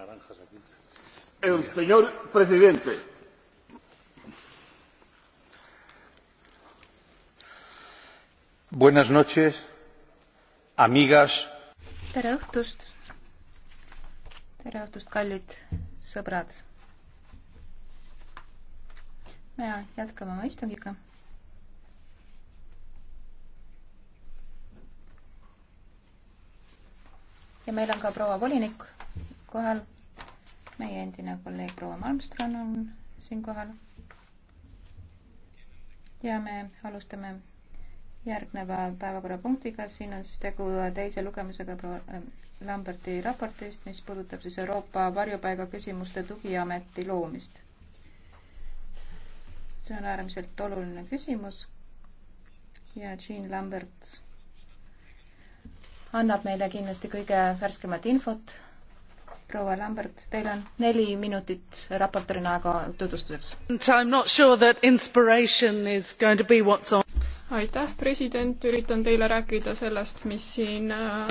naranjas aquí. El señor presidente. Buenas noches, amigas. tere õhtust. tere õhtust, kallid sõbrad. me jätkame oma istungiga ja meil on ka proua volinik kohal. meie endine kolleeg proua Malmström on siinkohal. ja me alustame järgneva päevakorrapunktiga, siin on siis tegu teise lugemisega proua äh, Lamberti raportist, mis puudutab siis Euroopa varjupaigaküsimuste tugiameti loomist. see on äärmiselt oluline küsimus ja Jean Lambert annab meile kindlasti kõige värskemat infot proua Lambert, teil on neli minutit raportorina aega tutvustuseks. Sure aitäh, president, üritan teile rääkida sellest, mis siin äh,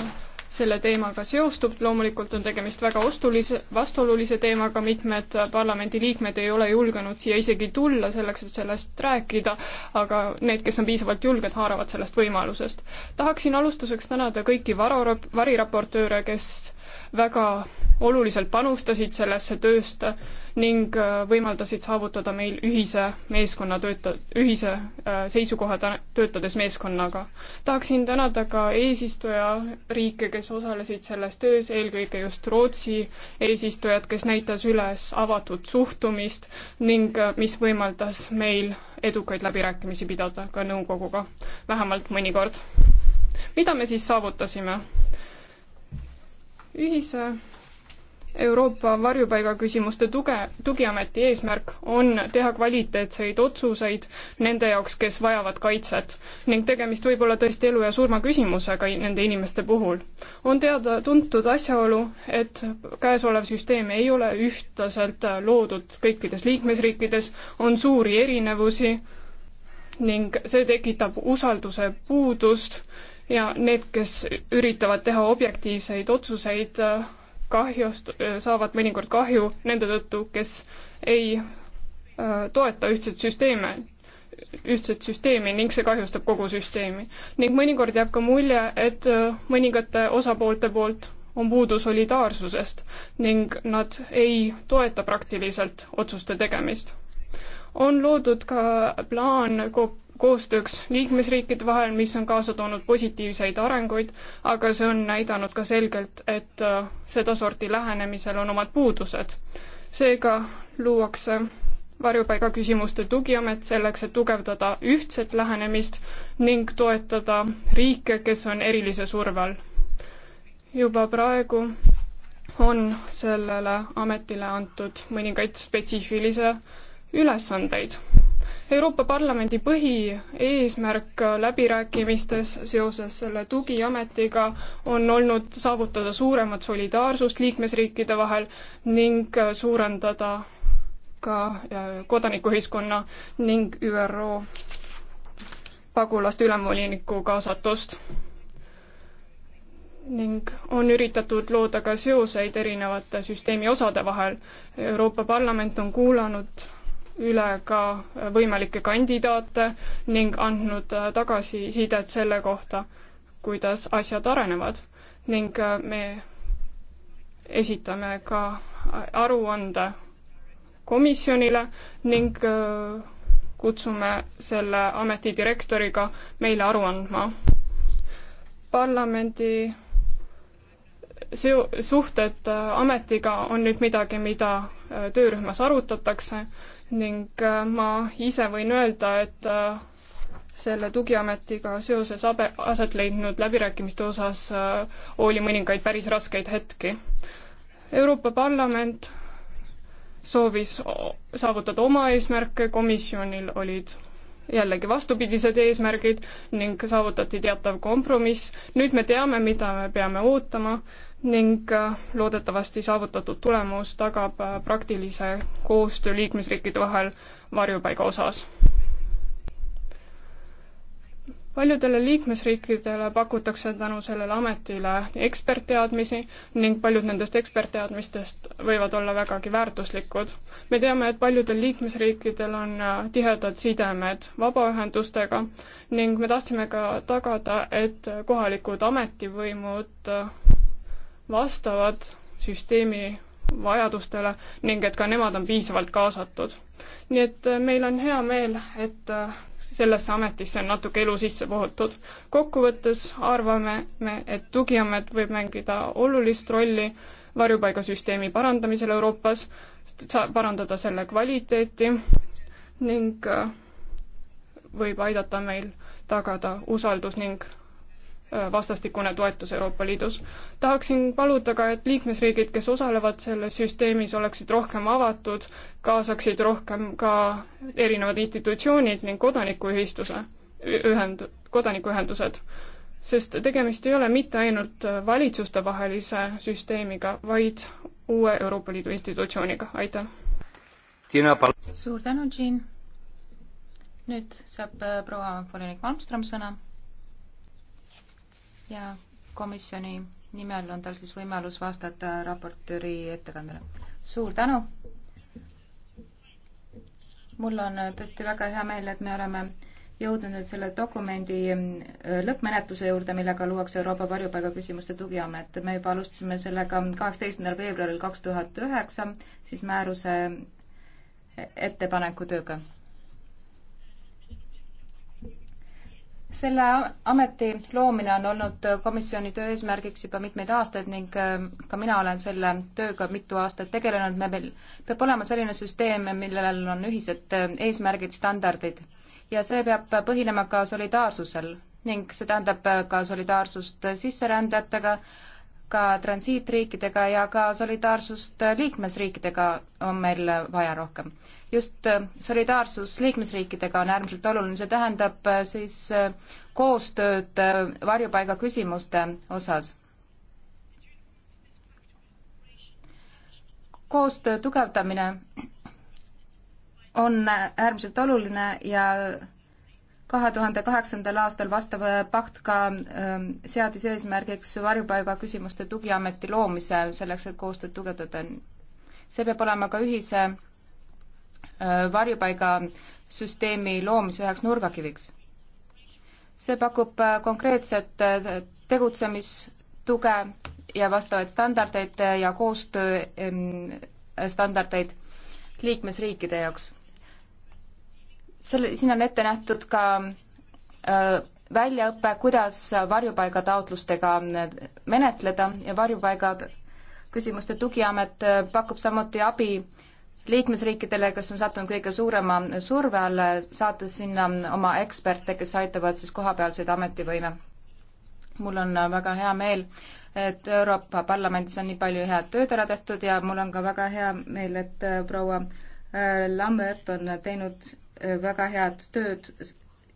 selle teemaga seostub, loomulikult on tegemist väga ostulise, vastuolulise teemaga, mitmed parlamendiliikmed ei ole julgenud siia isegi tulla selleks, et sellest rääkida, aga need, kes on piisavalt julged, haaravad sellest võimalusest. tahaksin alustuseks tänada kõiki varo-, variraportööre, kes väga oluliselt panustasid sellesse tööst ning äh, võimaldasid saavutada meil ühise meeskonna tööta-, ühise äh, seisukoha tä-, töötades meeskonnaga. tahaksin tänada ka eesistujariike, kes osalesid selles töös, eelkõige just Rootsi eesistujat, kes näitas üles avatud suhtumist ning äh, mis võimaldas meil edukaid läbirääkimisi pidada ka nõukoguga, vähemalt mõnikord. mida me siis saavutasime? ühise Euroopa varjupaigaküsimuste tuge, tugiameti eesmärk on teha kvaliteetseid otsuseid nende jaoks, kes vajavad kaitset ning tegemist võib olla tõesti elu ja surma küsimusega nende inimeste puhul. on teada-tuntud asjaolu, et käesolev süsteem ei ole ühtlaselt loodud kõikides liikmesriikides, on suuri erinevusi ning see tekitab usalduse puudust ja need, kes üritavad teha objektiivseid otsuseid, kahjust, saavad mõnikord kahju nende tõttu, kes ei äh, toeta ühtset süsteeme, ühtset süsteemi ning see kahjustab kogu süsteemi. ning mõnikord jääb ka mulje, et äh, mõningate osapoolte poolt on puudu solidaarsusest ning nad ei toeta praktiliselt otsuste tegemist. on loodud ka plaan koop-, koostööks liikmesriikide vahel, mis on kaasa toonud positiivseid arenguid, aga see on näidanud ka selgelt, et äh, sedasorti lähenemisel on omad puudused. seega luuakse varjupaigaküsimuste tugiamet selleks, et tugevdada ühtset lähenemist ning toetada riike, kes on erilise surve all. juba praegu on sellele ametile antud mõningaid spetsiifilisi ülesandeid Euroopa Parlamendi põhieesmärk läbirääkimistes seoses selle tugiametiga on olnud saavutada suuremat solidaarsust liikmesriikide vahel ning suurendada ka äh, kodanikuühiskonna ning ÜRO pagulaste ülemvoliniku kaasatust ning on üritatud looda ka seoseid erinevate süsteemi osade vahel. Euroopa Parlament on kuulanud üle ka võimalikke kandidaate ning andnud äh, tagasisidet selle kohta, kuidas asjad arenevad ning äh, me esitame ka äh, aruande komisjonile ning kutsume selle ameti direktoriga meile aru andma. parlamendi seo-, suhted ametiga on nüüd midagi, mida töörühmas arutatakse ning äh, ma ise võin öelda, et äh, selle tugiametiga seoses abe, aset leidnud läbirääkimiste osas äh, oli mõningaid päris raskeid hetki. Euroopa Parlament soovis saavutada oma eesmärke, komisjonil olid jällegi vastupidised eesmärgid ning saavutati teatav kompromiss. nüüd me teame, mida me peame ootama ning äh, loodetavasti saavutatud tulemus tagab äh, praktilise koostöö liikmesriikide vahel varjupaiga osas. paljudele liikmesriikidele pakutakse tänu sellele ametile ekspertteadmisi ning paljud nendest ekspertteadmistest võivad olla vägagi väärtuslikud. me teame, et paljudel liikmesriikidel on äh, tihedad sidemed vabaühendustega ning me tahtsime ka tagada, et kohalikud ametivõimud vastavad süsteemi vajadustele ning et ka nemad on piisavalt kaasatud. nii et äh, meil on hea meel, et äh, sellesse ametisse on natuke elu sisse puhutud. kokkuvõttes arvame me, et tugiamet võib mängida olulist rolli varjupaigasüsteemi parandamisel Euroopas, parandada selle kvaliteeti ning äh, võib aidata meil tagada usaldus ning Äh, vastastikune toetus Euroopa Liidus. tahaksin paluda ka, et liikmesriigid, kes osalevad selles süsteemis, oleksid rohkem avatud, kaasaksid rohkem ka erinevad institutsioonid ning kodanikuühistuse, ühend, kodanikuühendused. sest tegemist ei ole mitte ainult valitsustevahelise süsteemiga, vaid uue Euroopa Liidu institutsiooniga, aitäh! suur tänu, Jean! nüüd saab äh, proua volinik Malmström sõna ja komisjoni nimel on tal siis võimalus vastata raportööri ettekandele. suur tänu! mul on tõesti väga hea meel, et me oleme jõudnud nüüd selle dokumendi mm, lõppmenetluse juurde, millega luuakse Euroopa varjupaigaküsimuste tugiamet. me juba alustasime sellega kaheksateistkümnendal veebruaril kaks tuhat üheksa, siis määruse ettepaneku tööga selle ameti loomine on olnud komisjoni töö eesmärgiks juba mitmeid aastaid ning äh, ka mina olen selle tööga mitu aastat tegelenud. me veel, peab olema selline süsteem, millel on ühised äh, eesmärgid, standardid ja see peab põhinema ka solidaarsusel ning see tähendab äh, ka solidaarsust sisserändajatega, ka transiitriikidega ja ka solidaarsust liikmesriikidega on meil vaja rohkem just äh, solidaarsus liikmesriikidega on äärmiselt oluline, see tähendab äh, siis äh, koostööd varjupaiga küsimuste osas. koostöö tugevdamine on äärmiselt oluline ja kahe tuhande kaheksandal aastal vastav pakt ka ähm, seadis eesmärgiks varjupaiga küsimuste tugiameti loomise selleks, et koostööd tugevdada. see peab olema ka ühise Äh, varjupaigasüsteemi loomise üheks nurgakiviks. see pakub äh, konkreetset äh, tegutsemistuge ja vastavaid standardeid ja koostööstandardeid liikmesriikide jaoks. selle, siin on ette nähtud ka väljaõpe, kuidas varjupaigataotlustega menetleda ja varjupaiga küsimuste tugiamet pakub samuti abi liikmesriikidele, kes on sattunud kõige suurema surve alla, saates sinna oma eksperte, kes aitavad siis kohapealseid ametivõime. mul on väga hea meel, et Euroopa Parlamendis on nii palju head tööd ära tehtud ja mul on ka väga hea meel, et äh, proua äh, Lambert on teinud äh, väga head tööd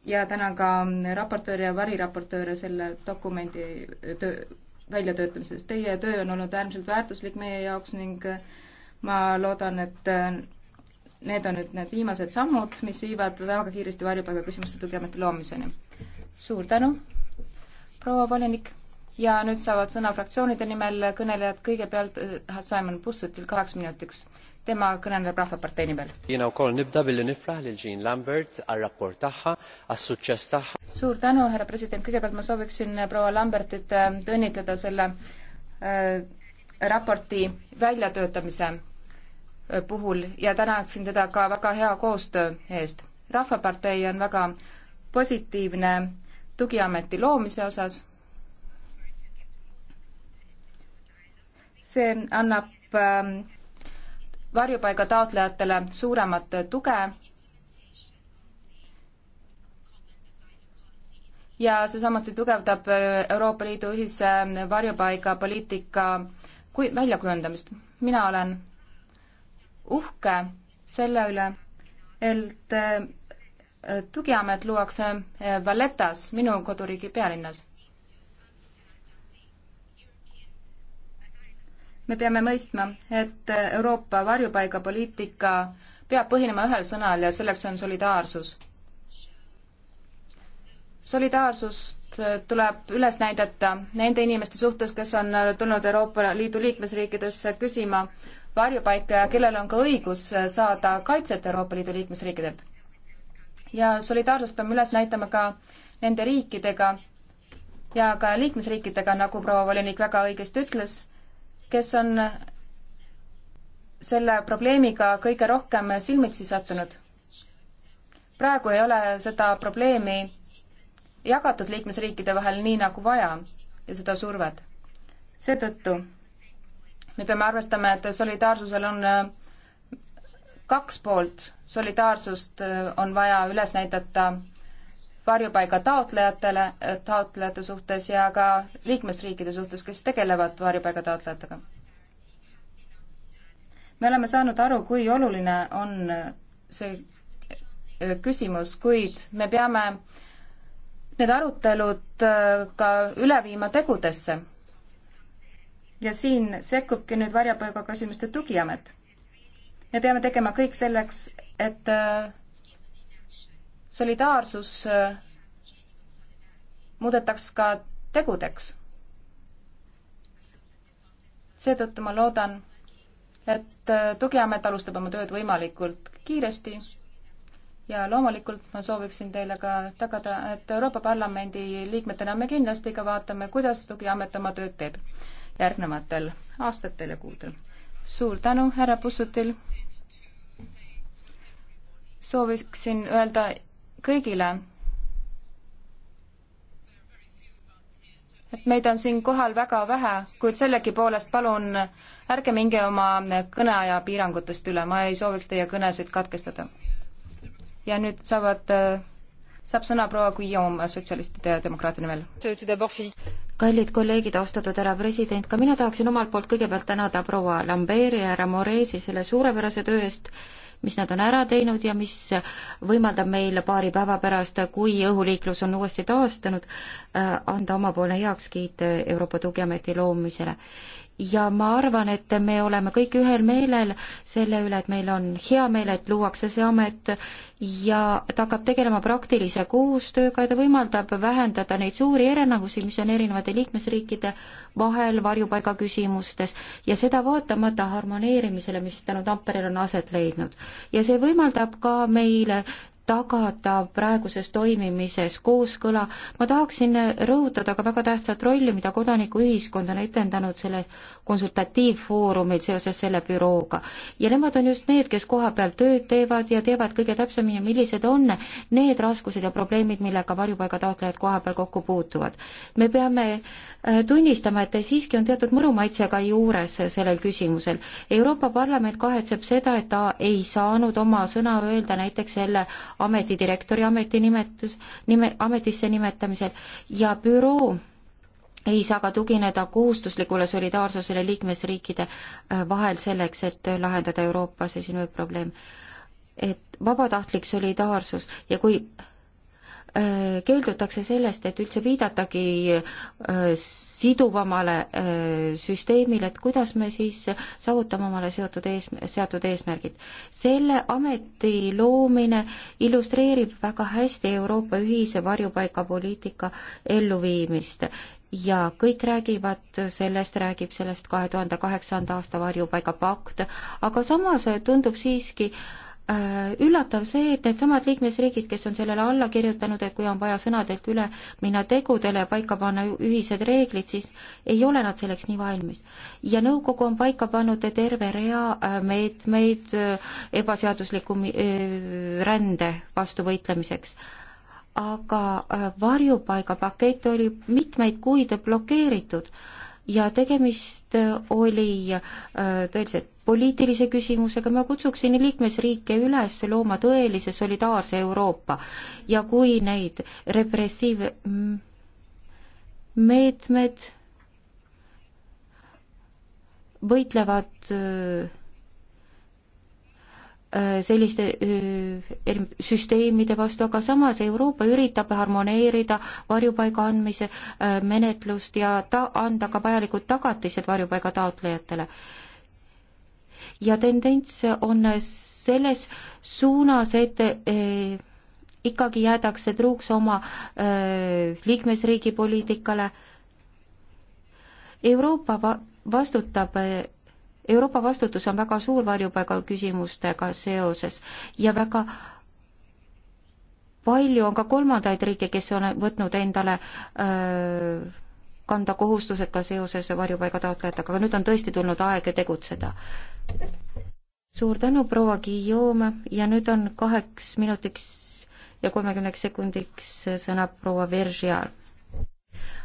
ja tänan ka mm, raportööre ja variraportööre selle dokumendi töö, väljatöötamises. Teie töö on olnud äärmiselt väärtuslik meie jaoks ning äh, ma loodan, et äh, need on nüüd need viimased sammud, mis viivad väga kiiresti varjupaiga küsimuste tugiameti loomiseni. suur tänu, proua volinik, ja nüüd saavad sõna fraktsioonide nimel kõnelejad, kõigepealt äh, Simon Bussutil kaheks minutiks. tema kõneleb Rahvapartei nimel. suur tänu, härra president, kõigepealt ma sooviksin äh, proua Lambertit õnnitleda selle äh, raporti väljatöötamise puhul ja tänaksin teda ka väga hea koostöö eest. rahvapartei on väga positiivne tugiameti loomise osas. see annab ähm, varjupaiga taotlejatele suuremat tuge ja see samuti tugevdab äh, Euroopa Liidu ühise varjupaigapoliitika kui väljakujundamist. mina olen uhke selle üle, et äh, tugiamet luuakse äh, Valletas, minu koduriigi pealinnas. me peame mõistma, et äh, Euroopa varjupaigapoliitika peab põhinema ühel sõnal ja selleks on solidaarsus. solidaarsust tuleb üles näidata nende inimeste suhtes, kes on tulnud Euroopa Liidu liikmesriikidesse küsima varjupaika ja kellel on ka õigus saada kaitset Euroopa Liidu liikmesriikidelt. ja solidaarsust peame üles näitama ka nende riikidega ja ka liikmesriikidega, nagu proua volinik väga õigesti ütles, kes on selle probleemiga kõige rohkem silmitsi sattunud. praegu ei ole seda probleemi jagatud liikmesriikide vahel nii nagu vaja ja seda survet. seetõttu me peame arvestama, et solidaarsusel on äh, kaks poolt. solidaarsust äh, on vaja üles näidata varjupaiga taotlejatele, äh, taotlejate suhtes ja ka liikmesriikide suhtes, kes tegelevad varjupaiga taotlejatega. me oleme saanud aru, kui oluline on see küsimus, kuid me peame need arutelud ka üle viima tegudesse ja siin sekkubki nüüd varjupaigaküsimuste tugiamet. me peame tegema kõik selleks, et äh, solidaarsus äh, muudetaks ka tegudeks. seetõttu ma loodan, et äh, tugiamet alustab oma tööd võimalikult kiiresti ja loomulikult ma sooviksin teile ka tagada, et Euroopa Parlamendi liikmetena me kindlasti ka vaatame, kuidas tugiamet oma tööd teeb järgnevatel aastatel ja kuudel. suur tänu, härra Pussutil. sooviksin öelda kõigile, et meid on siin kohal väga vähe, kuid sellegipoolest palun ärge minge oma kõneaja piirangutest üle, ma ei sooviks teie kõnesid katkestada. ja nüüd saavad äh, saab sõna proua Guillaume sotsialistide ja demokraatide nimel. kallid kolleegid, austatud härra president, ka mina tahaksin omalt poolt kõigepealt tänada proua Lambert'i ja härra Moresi selle suurepärase töö eest, mis nad on ära teinud ja mis võimaldab meil paari päeva pärast, kui õhuliiklus on uuesti taastunud, äh, anda omapoolne heakskiit Euroopa Tugiameti loomisele ja ma arvan, et me oleme kõik ühel meelel selle üle, et meil on hea meel, et luuakse see amet ja ta hakkab tegelema praktilise koostööga ja ta võimaldab vähendada neid suuri erinevusi, mis on erinevate liikmesriikide vahel varjupaiga küsimustes ja seda vaatamata harmoneerimisele, mis tänu Tamperel on aset leidnud. ja see võimaldab ka meile tagada praeguses toimimises kooskõla. ma tahaksin rõhutada ka väga tähtsat rolli, mida kodanikuühiskond on etendanud selle konsultatiivfoorumil seoses selle bürooga. ja nemad on just need, kes kohapeal tööd teevad ja teavad kõige täpsemini, millised on need raskused ja probleemid, millega varjupaigataotlejad kohapeal kokku puutuvad. me peame äh, tunnistama, et siiski on teatud mõrumaitsega juures sellel küsimusel. Euroopa Parlament kahetseb seda, et ta ei saanud oma sõna öelda näiteks selle ametidirektori ametinimetus, nime, ametisse nimetamisel ja büroo ei saa ka tugineda kohustuslikule solidaarsusele liikmesriikide äh, vahel selleks, et lahendada Euroopas esinev probleem. et vabatahtlik solidaarsus ja kui Äh, keeldutakse sellest, et üldse viidatagi äh, siduvamale äh, süsteemile, et kuidas me siis saavutame omale seotud ees, seatud eesmärgid. selle ameti loomine illustreerib väga hästi Euroopa ühise varjupaigapoliitika elluviimist ja kõik räägivad sellest, räägib sellest kahe tuhande kaheksanda aasta varjupaigapakt, aga samas tundub siiski äh, Äh, üllatav see, et needsamad liikmesriigid, kes on sellele alla kirjutanud, et kui on vaja sõnadelt üle minna tegudele ja paika panna ühised reeglid, siis ei ole nad selleks nii valmis. ja nõukogu on paika pannud terve rea äh, meetmeid äh, ebaseadusliku rände vastu võitlemiseks. aga varjupaigapakett oli mitmeid kuid blokeeritud ja tegemist äh, oli äh, tõeliselt poliitilise küsimusega, ma kutsuksin liikmesriike üles looma tõelise solidaarse Euroopa ja kui neid repressiivmeetmed mm, võitlevad öö, äh, Äh, selliste äh, süsteemide vastu, aga samas Euroopa üritab harmoneerida varjupaiga andmise äh, menetlust ja ta-, anda ka vajalikud tagatised varjupaiga taotlejatele. ja tendents on selles suunas, et ikkagi jäädakse truuks oma liikmesriigi poliitikale. Euroopa va-, vastutab Euroopa vastutus on väga suur varjupaiga küsimustega seoses ja väga palju on ka kolmandaid riike, kes on võtnud endale öö, kanda kohustused ka seoses varjupaiga taotlejatega, aga nüüd on tõesti tulnud aeg tegutseda. suur tänu, proua Guillaume ja nüüd on kaheks minutiks ja kolmekümneks sekundiks sõna proua Vergial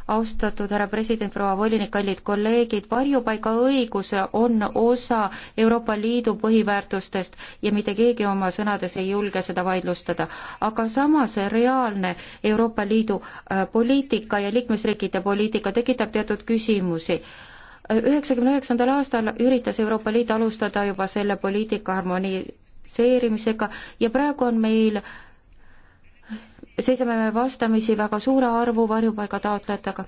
austatud härra president, proua volinik, kallid kolleegid, varjupaigaõigus on osa Euroopa Liidu põhiväärtustest ja mitte keegi oma sõnades ei julge seda vaidlustada. aga samas reaalne Euroopa Liidu äh, poliitika ja liikmesriikide poliitika tekitab teatud küsimusi üheksakümne üheksandal aastal üritas Euroopa Liit alustada juba selle poliitika harmoniseerimisega ja praegu on meil äh, seisame me vastamisi väga suure arvu varjupaiga taotlejatega.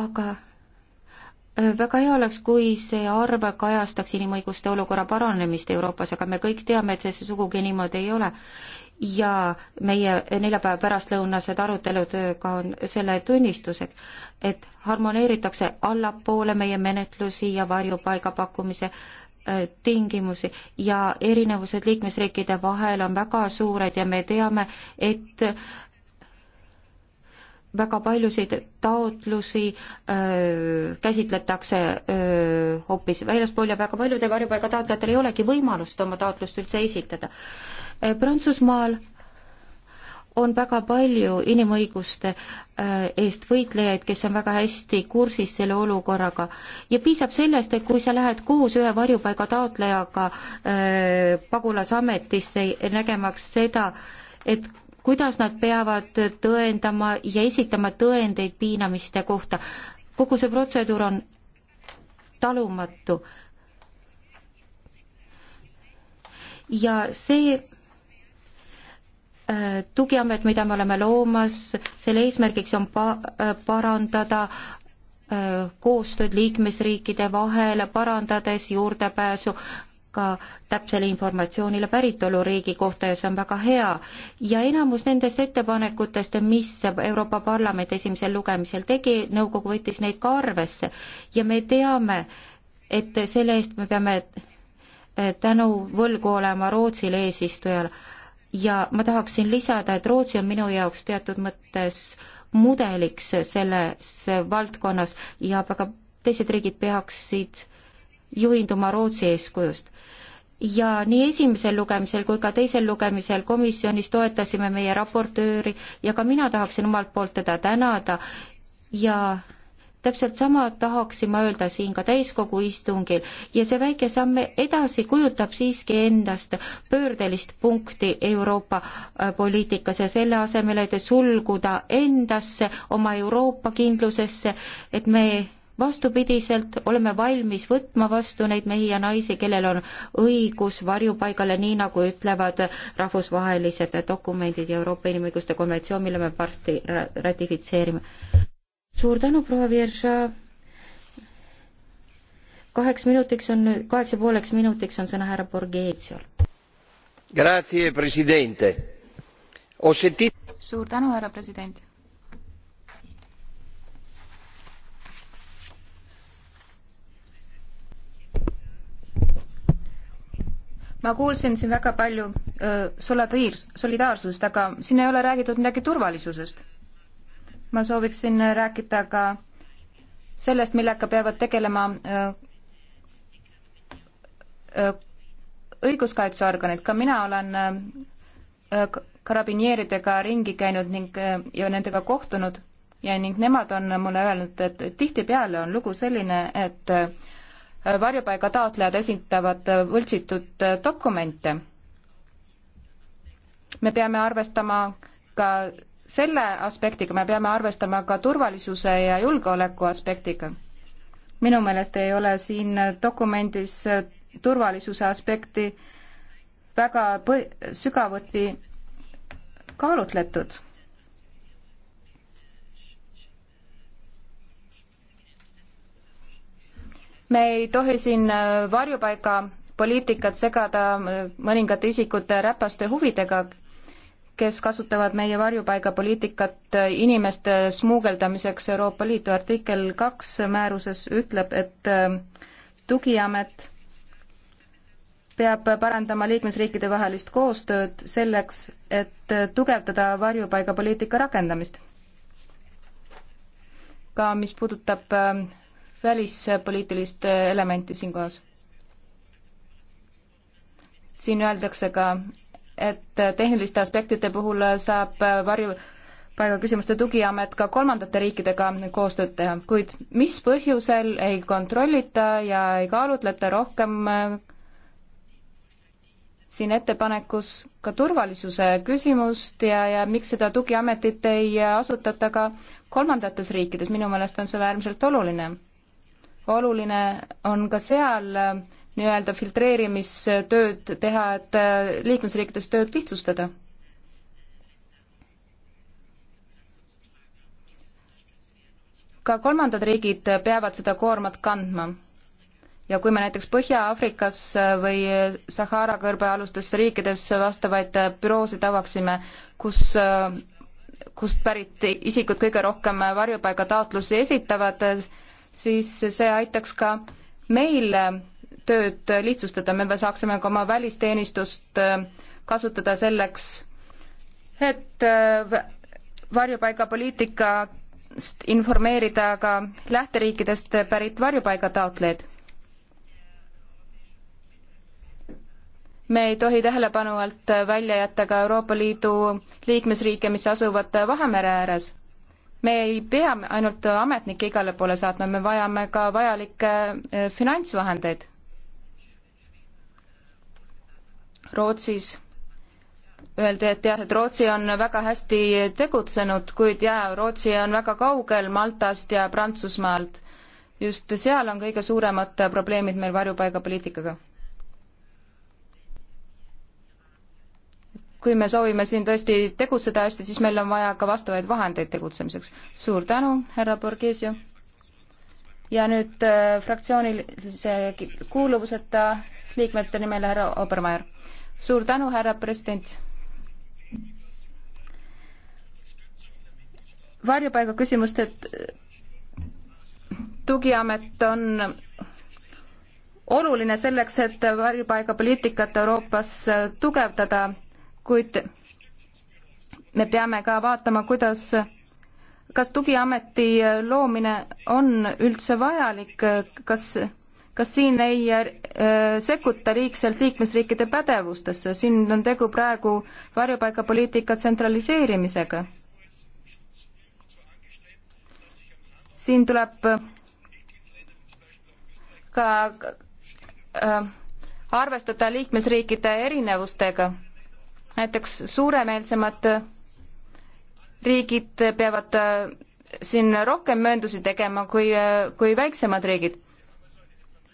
aga äh, väga hea oleks, kui see arv kajastaks inimõiguste olukorra paranemist Euroopas, aga me kõik teame, et see sugugi niimoodi ei ole. ja meie neljapäeva pärastlõunased arutelud äh, ka on selle tunnistuseks, et harmoneeritakse allapoole meie menetlusi ja varjupaiga pakkumise äh, Äh, tingimusi ja erinevused liikmesriikide vahel on väga suured ja me teame, et väga paljusid taotlusi öö, äh, käsitletakse öö, äh, hoopis väljaspool ja väga paljudel varjupaigataotlejatel ei olegi võimalust oma taotlust üldse esitada. Prantsusmaal on väga palju inimõiguste äh, eest võitlejaid, kes on väga hästi kursis selle olukorraga ja piisab sellest, et kui sa lähed koos ühe varjupaiga taotlejaga äh, pagulasametisse, nägemaks seda, et kuidas nad peavad tõendama ja esitama tõendeid piinamiste kohta. kogu see protseduur on talumatu. ja see tugiamet, mida me oleme loomas, selle eesmärgiks on pa-, parandada äh, koostööd liikmesriikide vahel, parandades juurdepääsu ka täpsele informatsioonile päritoluriigi kohta ja see on väga hea. ja enamus nendest ettepanekutest, mis Euroopa Parlament esimesel lugemisel tegi, nõukogu võttis neid ka arvesse ja me teame, et selle eest me peame äh, tänu võlgu olema Rootsile eesistujale ja ma tahaksin lisada, et Rootsi on minu jaoks teatud mõttes mudeliks selles valdkonnas ja väga teised riigid peaksid juhinduma Rootsi eeskujust. ja nii esimesel lugemisel kui ka teisel lugemisel komisjonis toetasime meie raportööri ja ka mina tahaksin omalt poolt teda tänada ja täpselt sama tahaksin ma öelda siin ka täiskogu istungil ja see väike samm edasi kujutab siiski endast pöördelist punkti Euroopa äh, poliitikas ja selle asemel, et sulguda endasse, oma Euroopa kindlusesse, et me vastupidiselt oleme valmis võtma vastu neid mehi ja naisi, kellel on õigus varjupaigale, nii nagu ütlevad rahvusvahelised dokumendid ja Euroopa Inimõiguste Konventsioon, mille me varsti ratifitseerime suur tänu, proua Virša. kaheks minutiks on, kaheksa pooleks minutiks on sõna härra Borgheziol. Grazie, president. suur tänu, härra president. ma kuulsin siin väga palju öö, äh, solidaarsusest, aga siin ei ole räägitud midagi turvalisusest ma sooviksin rääkida ka sellest, millega peavad tegelema äh, äh, õiguskaitseorganid, ka mina olen äh, karabineeridega ringi käinud ning ja nendega kohtunud ja ning nemad on mulle öelnud, et tihtipeale on lugu selline, et varjupaiga taotlejad esitavad võltsitud dokumente. me peame arvestama ka selle aspektiga, me peame arvestama ka turvalisuse ja julgeoleku aspektiga. minu meelest ei ole siin dokumendis turvalisuse aspekti väga põ-, sügavuti kaalutletud me ei tohi siin varjupaiga poliitikat segada mõningate isikute räpaste huvidega, kes kasutavad meie varjupaigapoliitikat inimeste smuugeldamiseks Euroopa Liitu. artikkel kaks määruses ütleb, et äh, tugiamet peab parandama liikmesriikide vahelist koostööd selleks, et äh, tugevdada varjupaigapoliitika rakendamist. ka mis puudutab äh, välispoliitilist elementi siinkohas. siin öeldakse ka, et tehniliste aspektide puhul saab varju paigaküsimuste tugiamet ka kolmandate riikidega koostööd teha, kuid mis põhjusel ei kontrollita ja ei kaalutleta rohkem äh, siin ettepanekus ka turvalisuse küsimust ja, ja miks seda tugiametit ei asutata ka kolmandates riikides, minu meelest on see äärmiselt oluline. oluline on ka seal äh, nii-öelda filtreerimistööd teha, et äh, liikmesriikides tööd lihtsustada? ka kolmandad riigid peavad seda koormat kandma. ja kui me näiteks Põhja-Aafrikas või Sahara kõrbealustes riikides vastavaid büroosid avaksime, kus äh, kust pärit isikud kõige rohkem varjupaigataotlusi esitavad, siis see aitaks ka meil tööd lihtsustada, me saaksime ka oma välisteenistust äh, kasutada selleks, et äh, varjupaigapoliitikast informeerida ka lähteriikidest pärit varjupaigataotlejaid. me ei tohi tähelepanu alt välja jätta ka Euroopa Liidu liikmesriike, mis asuvad Vahemere ääres me ei pea ainult ametnikke igale poole saatma, me vajame ka vajalikke äh, finantsvahendeid. Rootsis öeldi, et jah, et Rootsi on väga hästi tegutsenud, kuid jaa, Rootsi on väga kaugel Maltast ja Prantsusmaalt. just seal on kõige suuremad probleemid meil varjupaigapoliitikaga. kui me soovime siin tõesti tegutseda hästi, siis meil on vaja ka vastavaid vahendeid tegutsemiseks. suur tänu, härra Borghesio. ja nüüd äh, fraktsioonilise kuuluvuseta liikmete nimel härra Obermeier suur tänu, härra president. varjupaiga küsimuste tugiamet on oluline selleks, et varjupaigapoliitikat Euroopas tugevdada, kuid me peame ka vaatama, kuidas, kas tugiameti loomine on üldse vajalik, kas kas siin ei äh, sekkuta liigselt liikmesriikide pädevustesse, siin on tegu praegu varjupaigapoliitika tsentraliseerimisega? siin tuleb äh, ka äh, arvestada liikmesriikide erinevustega. näiteks suuremeelsemad riigid peavad äh, siin rohkem mööndusi tegema kui äh,, kui väiksemad riigid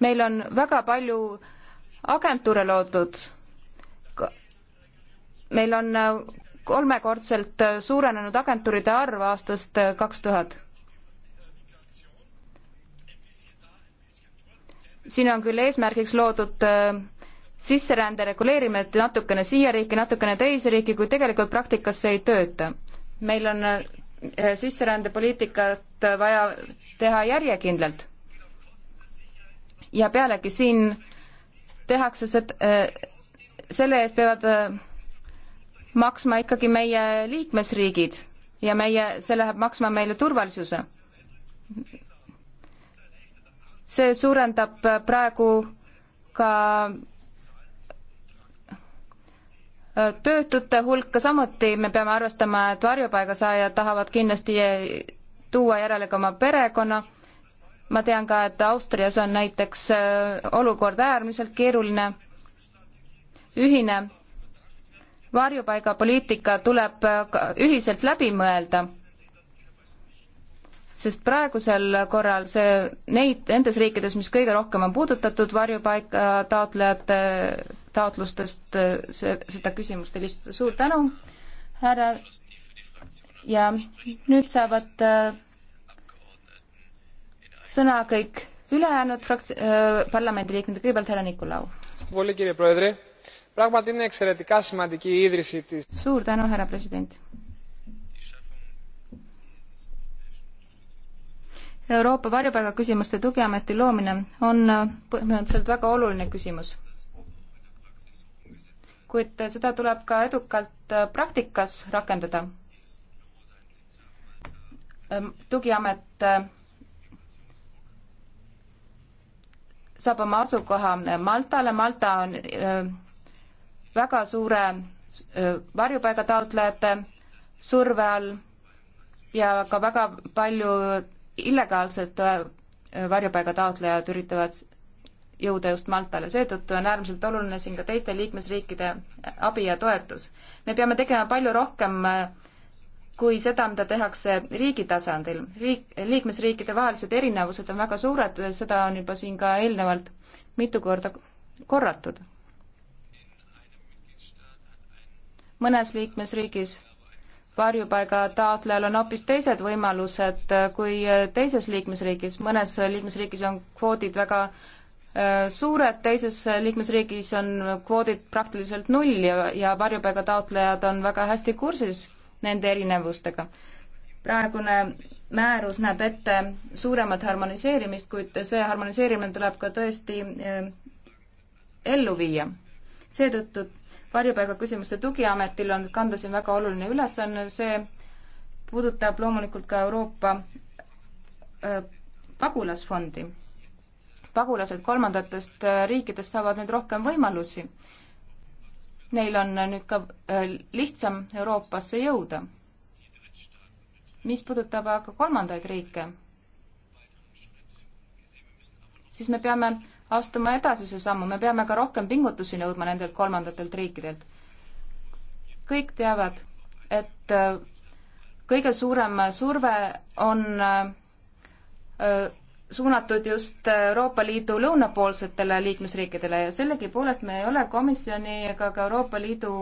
meil on väga palju agentuure loodud, meil on äh, kolmekordselt äh, suurenenud agentuuride arv aastast äh, kaks tuhat. siin on küll eesmärgiks loodud sisserände reguleerimine, et natukene siia riiki, natukene teise riiki, kuid tegelikult praktikas see ei tööta. meil on sisserändepoliitikat vaja teha järjekindlalt ja pealegi siin tehakse seda, äh, selle eest peavad äh, maksma ikkagi meie liikmesriigid ja meie, see läheb maksma meile turvalisuse. see suurendab äh, praegu ka töötute hulka samuti me peame arvestama, et varjupaiga saajad tahavad kindlasti tuua järele ka oma perekonna ma tean ka, et Austrias on näiteks äh, olukord äärmiselt keeruline. ühine varjupaigapoliitika tuleb äh, ühiselt läbi mõelda, sest praegusel korral see, neid, nendes riikides, mis kõige rohkem on puudutatud varjupaika taotlejate taotlustest, äh, see, seda küsimust ei lihtsalt. suur tänu, härra, ja nüüd saavad sõna kõik ülejäänud frakts- äh,, parlamendiliikmed, kõigepealt härra Nikolau. suur tänu, härra president. Euroopa varjupaigaküsimuste tugiameti loomine on põhimõtteliselt väga oluline küsimus. kuid seda tuleb ka edukalt praktikas rakendada. tugiamet saab oma asukoha Maltale, Malta on väga suure varjupaiga taotlejate surve all ja ka väga palju illegaalsed varjupaiga taotlejad üritavad jõuda just Maltale, seetõttu on äärmiselt oluline siin ka teiste liikmesriikide abi ja toetus. me peame tegema palju rohkem äh, kui seda, mida tehakse riigi tasandil. riik, liikmesriikide vahelised erinevused on väga suured, seda on juba siin ka eelnevalt mitu korda korratud. mõnes liikmesriigis varjupaiga taotlejal on hoopis teised võimalused kui teises liikmesriigis, mõnes liikmesriigis on kvoodid väga äh, suured, teises liikmesriigis on kvoodid praktiliselt null ja, ja varjupaiga taotlejad on väga hästi kursis nende erinevustega. praegune määrus näeb ette suuremat harmoniseerimist, kuid see harmoniseerimine tuleb ka tõesti eh, ellu viia. seetõttu varjupaigaküsimuste tugiametil on kanda siin väga oluline ülesanne, see puudutab loomulikult ka Euroopa eh, pagulasfondi. pagulased kolmandatest eh, riikidest saavad nüüd rohkem võimalusi neil on nüüd ka äh, lihtsam Euroopasse jõuda. mis puudutab aga kolmandaid riike, siis me peame astuma edasise sammu, me peame ka rohkem pingutusi nõudma nendelt kolmandatelt riikidelt. kõik teavad, et äh, kõige suurem surve on äh, suunatud just Euroopa Liidu lõunapoolsetele liikmesriikidele ja sellegipoolest me ei ole komisjoni ega ka Euroopa Liidu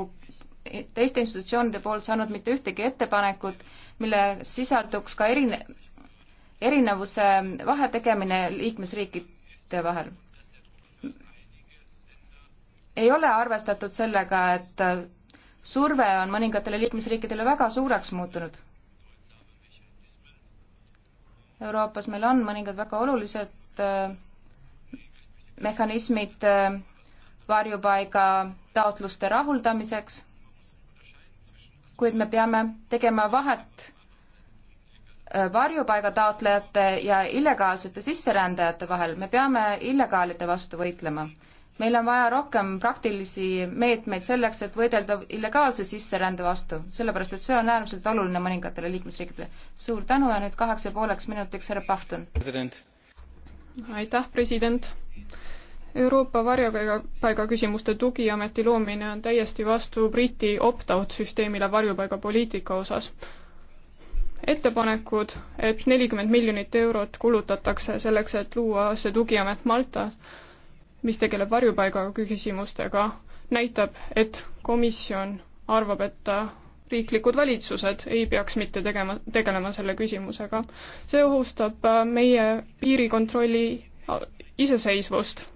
teiste institutsioonide poolt saanud mitte ühtegi ettepanekut, mille sisalduks ka erine-, erinevuse vahetegemine liikmesriikide vahel. ei ole arvestatud sellega, et surve on mõningatele liikmesriikidele väga suureks muutunud Euroopas meil on mõningad väga olulised äh, mehhanismid äh, varjupaiga taotluste rahuldamiseks, kuid me peame tegema vahet äh, varjupaiga taotlejate ja illegaalsete sisserändajate vahel, me peame illegaalide vastu võitlema meil on vaja rohkem praktilisi meetmeid selleks, et võidelda illegaalse sisserände vastu, sellepärast et see on äärmiselt oluline mõningatele liikmesriikidele. suur tänu ja nüüd kaheks ja pooleks minutiks härra Pahvton. aitäh, president. Euroopa varjupaiga küsimuste tugiameti loomine on täiesti vastu Briti opt-out süsteemile varjupaigapoliitika osas ettepanekud, et nelikümmend miljonit eurot kulutatakse selleks, et luua see tugiamet Maltas mis tegeleb varjupaiga küsimustega, näitab, et komisjon arvab, et riiklikud valitsused ei peaks mitte tegema, tegelema selle küsimusega. see ohustab äh, meie piirikontrolli äh, iseseisvust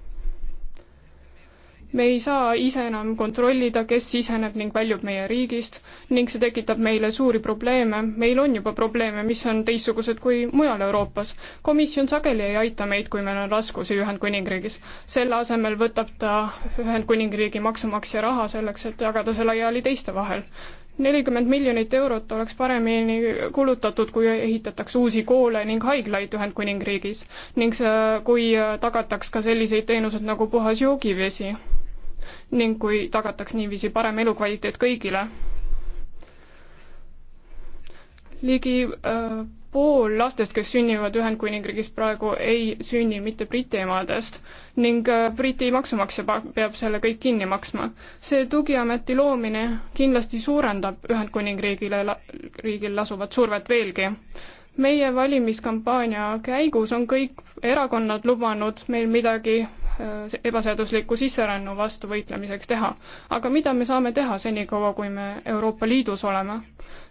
me ei saa ise enam kontrollida, kes siseneb ning väljub meie riigist ning see tekitab meile suuri probleeme. meil on juba probleeme, mis on teistsugused kui mujal Euroopas. komisjon sageli ei aita meid, kui meil on raskusi Ühendkuningriigis. selle asemel võtab ta Ühendkuningriigi maksumaksja raha selleks, et jagada see laiali teiste vahel nelikümmend miljonit eurot oleks paremini kulutatud, kui ehitataks uusi koole ning haiglaid Ühendkuningriigis ning see, kui tagataks ka selliseid teenuseid nagu puhas joogivesi ning kui tagataks niiviisi parem elukvaliteet kõigile. ligi äh, pool lastest, kes sünnivad Ühendkuningriigis praegu, ei sünni mitte Briti emadest ning äh, Briti maksumaksja peab selle kõik kinni maksma. see tugiameti loomine kindlasti suurendab Ühendkuningriigile, riigil lasuvat survet veelgi. meie valimiskampaania käigus on kõik erakonnad lubanud meil midagi äh, ebaseadusliku sisserännu vastu võitlemiseks teha. aga mida me saame teha senikaua, kui me Euroopa Liidus oleme?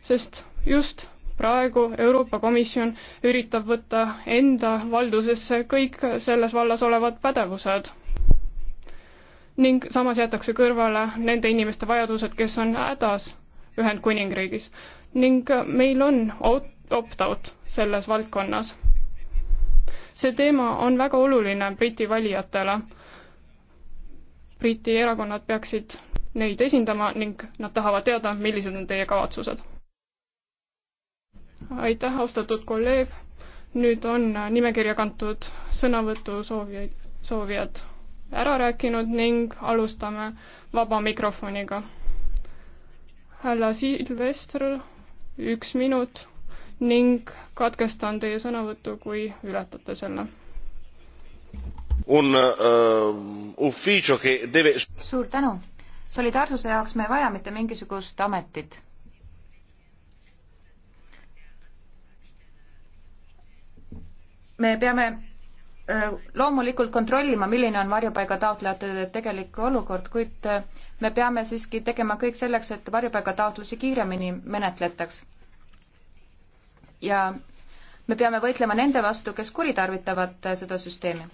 sest just praegu Euroopa Komisjon üritab võtta enda valdusesse kõik selles vallas olevad pädevused. ning samas jäetakse kõrvale nende inimeste vajadused, kes on hädas Ühendkuningriigis. ning meil on opt-out selles valdkonnas. see teema on väga oluline Briti valijatele. Briti erakonnad peaksid neid esindama ning nad tahavad teada, millised on teie kavatsused aitäh, austatud kolleeg. nüüd on nimekirja kantud sõnavõtusoovijaid, soovijad ära rääkinud ning alustame vaba mikrofoniga. härra Silvestr, üks minut ning katkestan teie sõnavõtu, kui ületate selle. Un uh, ufficio che deve... suur tänu. solidaarsuse jaoks me ei vaja mitte mingisugust ametit me peame loomulikult kontrollima, milline on varjupaiga taotlejate tegelik olukord, kuid me peame siiski tegema kõik selleks, et varjupaigataotlusi kiiremini menetletaks. ja me peame võitlema nende vastu, kes kuritarvitavad seda süsteemi.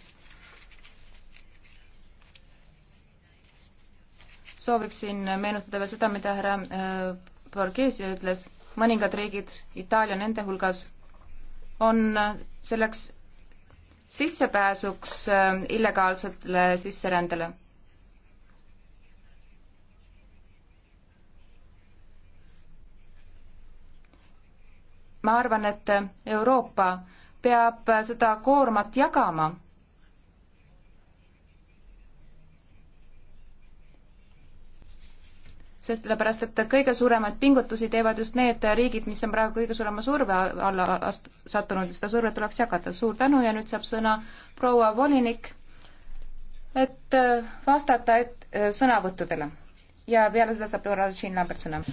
sooviksin meenutada veel seda, mida härra Borghesi ütles, mõningad riigid, Itaalia nende hulgas, on selleks sissepääsuks äh, illegaalsele sisserändele. ma arvan, et Euroopa peab seda koormat jagama sest sellepärast, et kõige suuremaid pingutusi teevad just need riigid, mis on praegu kõige suurema surve alla ast-, sattunud ja seda survet tuleks jagada. suur tänu ja nüüd saab sõna proua volinik, et äh, vastata et, äh, sõnavõttudele. ja peale seda saab proua Rašin Lambert sõna.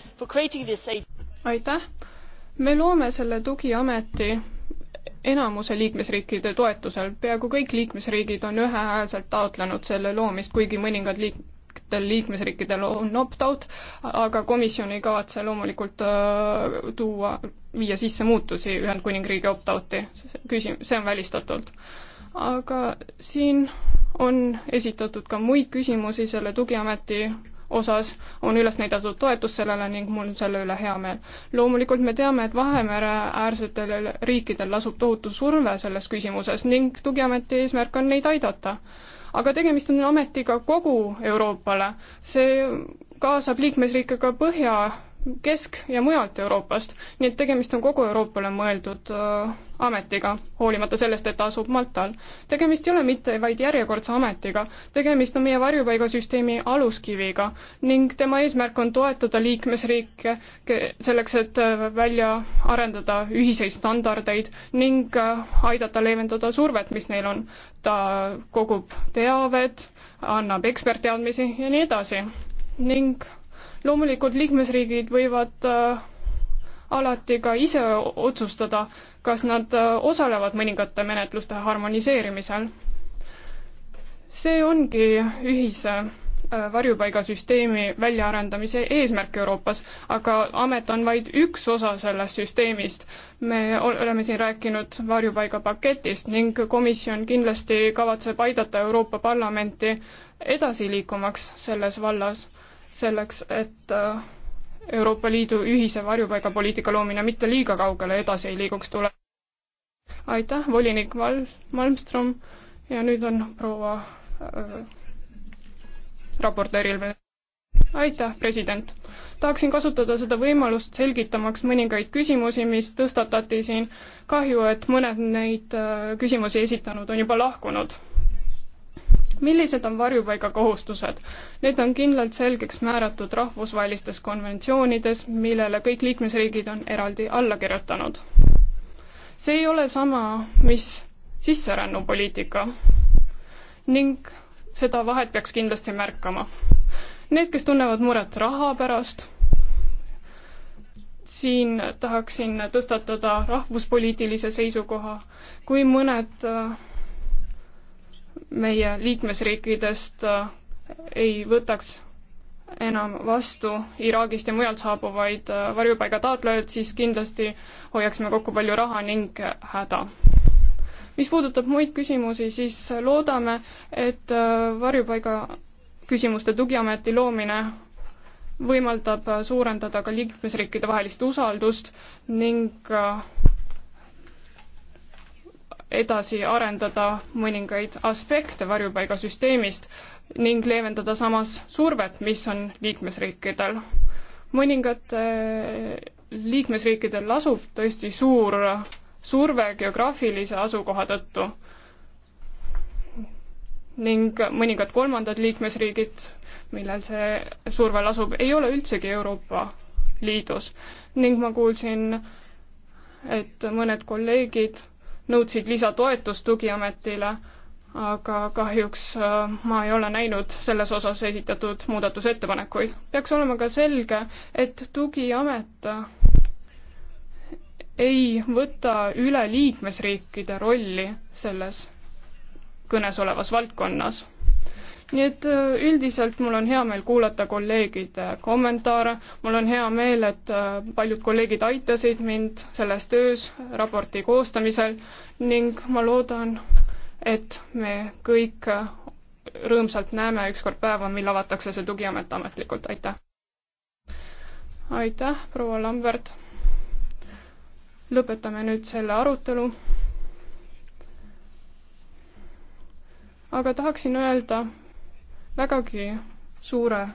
aitäh! me loome selle tugiameti enamuse liikmesriikide toetusel, peaaegu kõik liikmesriigid on ühehäälselt taotlenud selle loomist, kuigi mõningad liik-, mitmetel liikmesriikidel on opt-out, aga komisjon ei kavatse loomulikult äh, tuua, viia sisse muutusi Ühendkuningriigi opt-out'i, küsim-, see on välistatult. aga siin on esitatud ka muid küsimusi selle tugiameti osas on üles näidatud toetus sellele ning mul on selle üle hea meel. loomulikult me teame, et Vahemere-äärsetel riikidel lasub tohutu surve selles küsimuses ning tugiameti eesmärk on neid aidata aga tegemist on ametiga kogu Euroopale. see kaasab liikmesriike ka Põhja Kesk- ja mujalt Euroopast, nii et tegemist on kogu Euroopale mõeldud äh, ametiga, hoolimata sellest, et ta asub Maltal. tegemist ei ole mitte vaid järjekordse ametiga, tegemist on meie varjupaigasüsteemi aluskiviga ning tema eesmärk on toetada liikmesriike selleks, et äh, välja arendada ühiseid standardeid ning äh, aidata leevendada survet, mis neil on. ta kogub teavet, annab ekspertteadmisi ja nii edasi ning loomulikult liikmesriigid võivad äh, alati ka ise otsustada, kas nad äh, osalevad mõningate menetluste harmoniseerimisel. see ongi ühise äh, varjupaigasüsteemi väljaarendamise eesmärk Euroopas, aga amet on vaid üks osa sellest süsteemist. me oleme siin rääkinud varjupaigapaketist ning komisjon kindlasti kavatseb aidata Euroopa Parlamenti edasi liikumaks selles vallas selleks, et äh, Euroopa Liidu ühise varjupaigapoliitika loomine mitte liiga kaugele edasi ei liiguks tule-. aitäh, volinik Val-, Malmström ja nüüd on proua äh, raportööril veel. aitäh, president! tahaksin kasutada seda võimalust selgitamaks mõningaid küsimusi, mis tõstatati siin. kahju, et mõned neid äh, küsimusi esitanud on juba lahkunud millised on varjupaigakohustused? Need on kindlalt selgeks määratud rahvusvahelistes konventsioonides, millele kõik liikmesriigid on eraldi alla kirjutanud. see ei ole sama, mis sisserännupoliitika ning seda vahet peaks kindlasti märkama. Need, kes tunnevad muret raha pärast, siin tahaksin tõstatada rahvuspoliitilise seisukoha, kui mõned äh, meie liikmesriikidest äh, ei võtaks enam vastu Iraagist ja mujalt saabuvaid äh, varjupaiga taotlejaid, siis kindlasti hoiaksime kokku palju raha ning häda. mis puudutab muid küsimusi, siis loodame, et äh, varjupaiga küsimuste tugiameti loomine võimaldab suurendada ka liikmesriikide vahelist usaldust ning edasi arendada mõningaid aspekte varjupaigasüsteemist ning leevendada samas survet, mis on liikmesriikidel. mõningate äh, liikmesriikidel lasub tõesti suur surve geograafilise asukoha tõttu ning mõningad kolmandad liikmesriigid, millel see surve lasub, ei ole üldsegi Euroopa Liidus ning ma kuulsin, et mõned kolleegid nõudsid lisatoetust tugiametile, aga kahjuks äh, ma ei ole näinud selles osas esitatud muudatusettepanekuid. peaks olema ka selge, et tugiamet ei võta üle liikmesriikide rolli selles kõnesolevas valdkonnas nii et äh, üldiselt mul on hea meel kuulata kolleegide kommentaare, mul on hea meel, et äh, paljud kolleegid aitasid mind selles töös raporti koostamisel ning ma loodan, et me kõik äh, rõõmsalt näeme ükskord päeva, mil avatakse see tugiamet ametlikult, aitäh! aitäh, proua Lambert! lõpetame nüüd selle arutelu. aga tahaksin öelda, vägagi suure